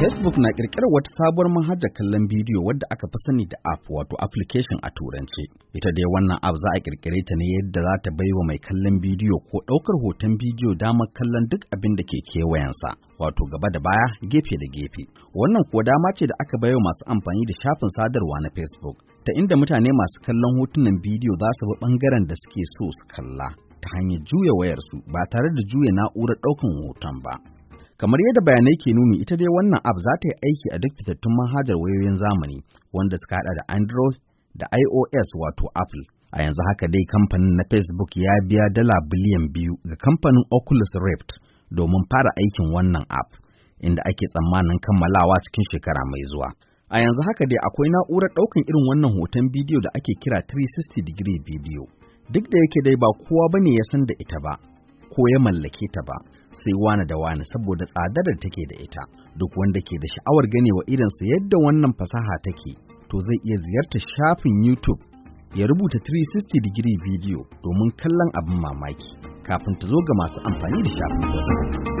Facebook na ƙirƙirar wata sabuwar manhajar kallon bidiyo wadda aka fi sani da app wato application a turance. Ita dai wannan app za a ƙirƙire ta ne yadda za ta baiwa mai kallon bidiyo ko ɗaukar hoton bidiyo damar kallon duk abin da ke kewayensa, wato gaba da baya, gefe da gefe. Wannan kuwa dama ce da aka baiwa masu amfani da shafin sadarwa na Facebook, ta inda mutane masu kallon hotunan bidiyo za su bi ɓangaren da suke so su kalla ta hanyar juya wayarsu ba tare da juya na'urar ɗaukan hoton ba. Kamar yadda bayanai ke nuni ita dai wannan app za ta yi aiki a duk fitattun manhajar wayoyin zamani wanda suka hada da Android da iOS wato Apple. A yanzu haka dai kamfanin na Facebook ya biya dala biliyan biyu ga kamfanin Oculus Rift domin fara aikin wannan app inda ake tsammanin kammalawa cikin shekara mai zuwa. A yanzu haka dai akwai na'urar ɗaukan irin wannan hoton bidiyo da ake kira 360 degree video. Duk da yake dai ba kowa bane ya san da ita ba, ko ya mallake ta ba sai wane da wane saboda tsadar da take da ita duk wanda ke da sha'awar ganewa su yadda wannan fasaha take to zai iya ziyartar shafin YouTube ya rubuta 360 degree video domin kallon abin mamaki kafin ta zo ga masu amfani da shafin Facebook.